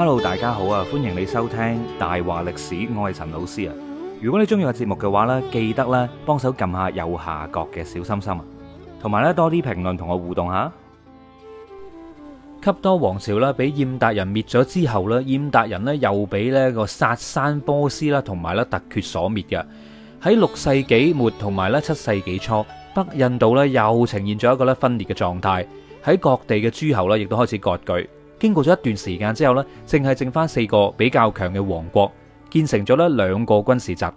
Hello，大家好啊！歡迎你收聽大話歷史，我係陳老師啊！如果你中意個節目嘅話呢，記得咧幫手撳下右下角嘅小心心啊，同埋咧多啲評論同我互動下。笈多王朝呢，俾燕達人滅咗之後呢，燕達人呢又俾呢個殺山波斯啦，同埋咧突厥所滅嘅。喺六世紀末同埋咧七世紀初，北印度呢又呈現咗一個咧分裂嘅狀態，喺各地嘅諸侯呢亦都開始割據。經過咗一段時間之後呢，淨係剩翻四個比較強嘅王國，建成咗咧兩個軍事集團。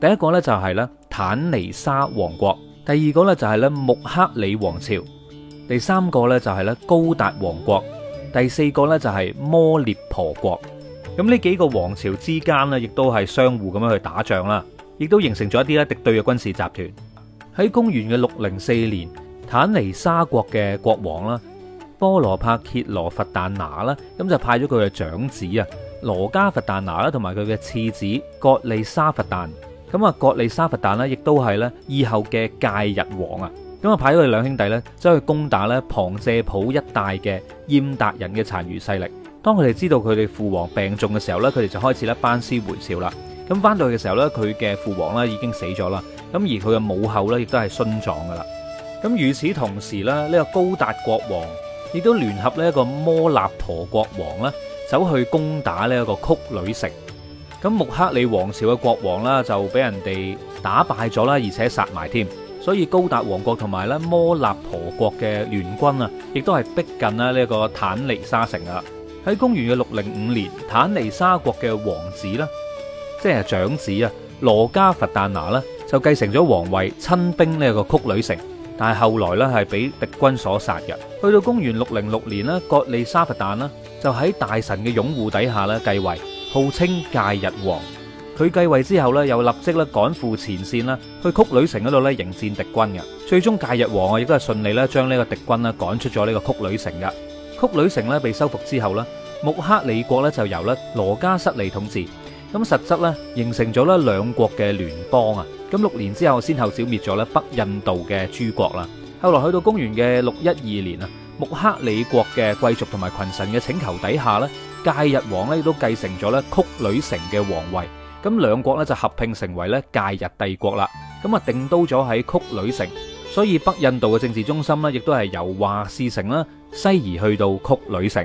第一個呢，就係咧坦尼沙王國，第二個呢，就係咧穆克里王朝，第三個呢，就係咧高達王國，第四個呢，就係摩涅婆國。咁呢幾個王朝之間呢，亦都係相互咁樣去打仗啦，亦都形成咗一啲咧敵對嘅軍事集團。喺公元嘅六零四年，坦尼沙國嘅國王啦。波羅帕傑羅佛旦拿啦，咁就派咗佢嘅長子啊羅加佛旦拿啦，同埋佢嘅次子葛利沙佛旦。咁啊，葛利沙佛旦咧，亦都係呢以後嘅戒日王啊。咁啊，派咗佢兩兄弟呢，走去攻打呢旁遮普一帶嘅燕達人嘅殘餘勢力。當佢哋知道佢哋父王病重嘅時候呢，佢哋就開始咧班師回朝啦。咁翻到去嘅時候呢，佢嘅父王呢已經死咗啦。咁而佢嘅母后呢，亦都係殉葬噶啦。咁與此同時呢，呢個高達國王。亦都聯合呢一個摩納陀國王啦，走去攻打呢一個曲女城。咁穆克里王朝嘅國王啦，就俾人哋打敗咗啦，而且殺埋添。所以高達王國同埋咧摩納陀國嘅聯軍啊，亦都係逼近啦呢個坦尼沙城啊。喺公元嘅六零五年，坦尼沙國嘅王子啦，即係長子啊羅加佛丹拿啦，就繼承咗王位，親兵呢一個曲女城。但係後來咧，係俾敵軍所殺嘅。去到公元六零六年咧，葛利沙佛旦啦，就喺大臣嘅擁護底下咧繼位，號稱戒日王。佢繼位之後咧，又立即咧趕赴前線啦，去曲女城嗰度咧迎戰敵軍嘅。最終戒日王啊，亦都係順利咧將呢個敵軍咧趕出咗呢個曲女城嘅。曲女城咧被收復之後咧，穆克里國咧就由咧羅加失利統治。咁實質咧，形成咗咧兩國嘅聯邦啊！咁六年之後，先後剿滅咗咧北印度嘅諸國啦。後來去到公元嘅六一二年啊，穆克里國嘅貴族同埋群臣嘅請求底下咧，戒日王咧亦都繼承咗咧曲女城嘅皇位。咁兩國咧就合併成為咧戒日帝國啦。咁啊定都咗喺曲女城，所以北印度嘅政治中心咧，亦都係由華氏城啦，西移去到曲女城。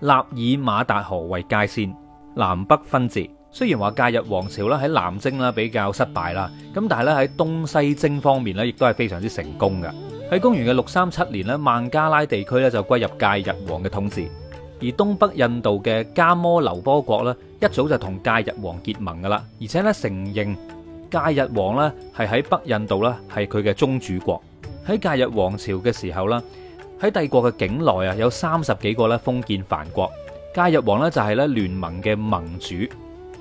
納爾馬達河為界線，南北分治。雖然話戒日王朝咧喺南征啦比較失敗啦，咁但係咧喺東西征方面咧，亦都係非常之成功嘅。喺公元嘅六三七年咧，孟加拉地區咧就歸入戒日王嘅統治。而東北印度嘅加摩流波國咧，一早就同戒日王結盟噶啦，而且咧承認戒日王咧係喺北印度啦係佢嘅宗主國。喺戒日王朝嘅時候啦。喺帝國嘅境內啊，有三十幾個咧封建藩國，戒日王咧就係咧聯盟嘅盟主。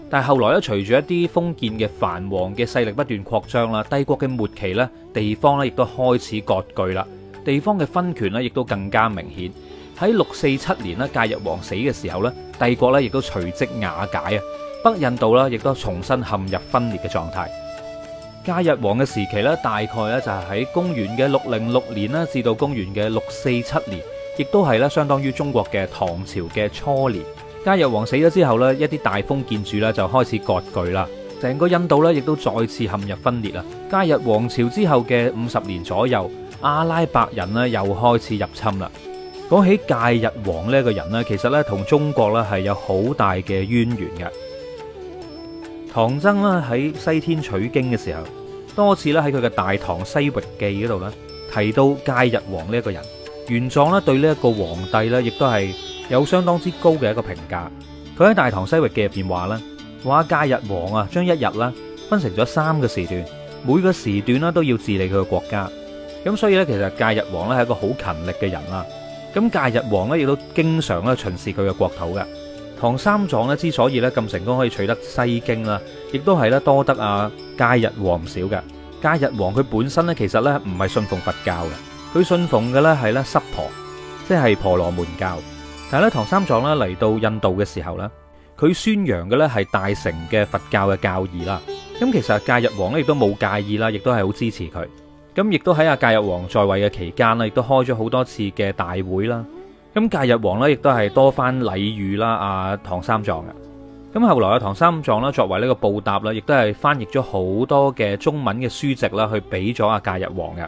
但係後來咧，隨住一啲封建嘅藩王嘅勢力不斷擴張啦，帝國嘅末期咧，地方咧亦都開始割據啦，地方嘅分權咧亦都更加明顯。喺六四七年咧，戒日王死嘅時候咧，帝國咧亦都隨即瓦解啊，北印度啦亦都重新陷入分裂嘅狀態。戒日王嘅時期咧，大概咧就係喺公元嘅六零六年至到公元嘅六四七年，亦都係咧相當於中國嘅唐朝嘅初年。戒日王死咗之後咧，一啲大封建主咧就開始割據啦，成個印度咧亦都再次陷入分裂啦。戒日王朝之後嘅五十年左右，阿拉伯人咧又開始入侵啦。講起戒日王呢個人咧，其實咧同中國咧係有好大嘅淵源嘅。唐僧啦喺西天取經嘅時候，多次咧喺佢嘅《大唐西域記》嗰度咧提到戒日王呢一個人。原作咧對呢一個皇帝咧亦都係有相當之高嘅一個評價。佢喺《大唐西域記》入邊話咧話戒日王啊，將一日啦分成咗三個時段，每個時段咧都要治理佢嘅國家。咁所以咧，其實戒日王咧係一個好勤力嘅人啦。咁戒日王咧亦都經常咧巡視佢嘅國土嘅。唐三藏咧之所以咧咁成功，可以取得《西經》啦，亦都係咧多得阿戒日王少嘅。戒日王佢本身咧，其實咧唔係信奉佛教嘅，佢信奉嘅咧係咧濕婆，即係婆羅門教。但係咧，唐三藏咧嚟到印度嘅時候咧，佢宣揚嘅咧係大乘嘅佛教嘅教義啦。咁其實戒日王咧亦都冇介意啦，亦都係好支持佢。咁亦都喺阿戒日王在位嘅期間啦，亦都開咗好多次嘅大會啦。咁戒日王咧，亦都係多番禮遇啦，啊唐三藏嘅。咁後來啊，唐三藏咧，作為呢個報答咧，亦都係翻譯咗好多嘅中文嘅書籍啦，去俾咗啊戒日王嘅，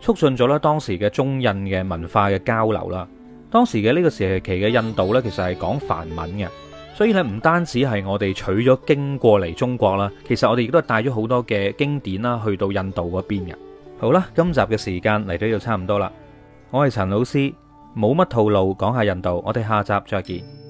促進咗咧當時嘅中印嘅文化嘅交流啦。當時嘅呢個時期嘅印度呢，其實係講梵文嘅，所以呢，唔單止係我哋取咗經過嚟中國啦，其實我哋亦都係帶咗好多嘅經典啦去到印度嗰邊嘅。好啦，今集嘅時間嚟到就差唔多啦，我係陳老師。冇乜套路，講下印度，我哋下集再見。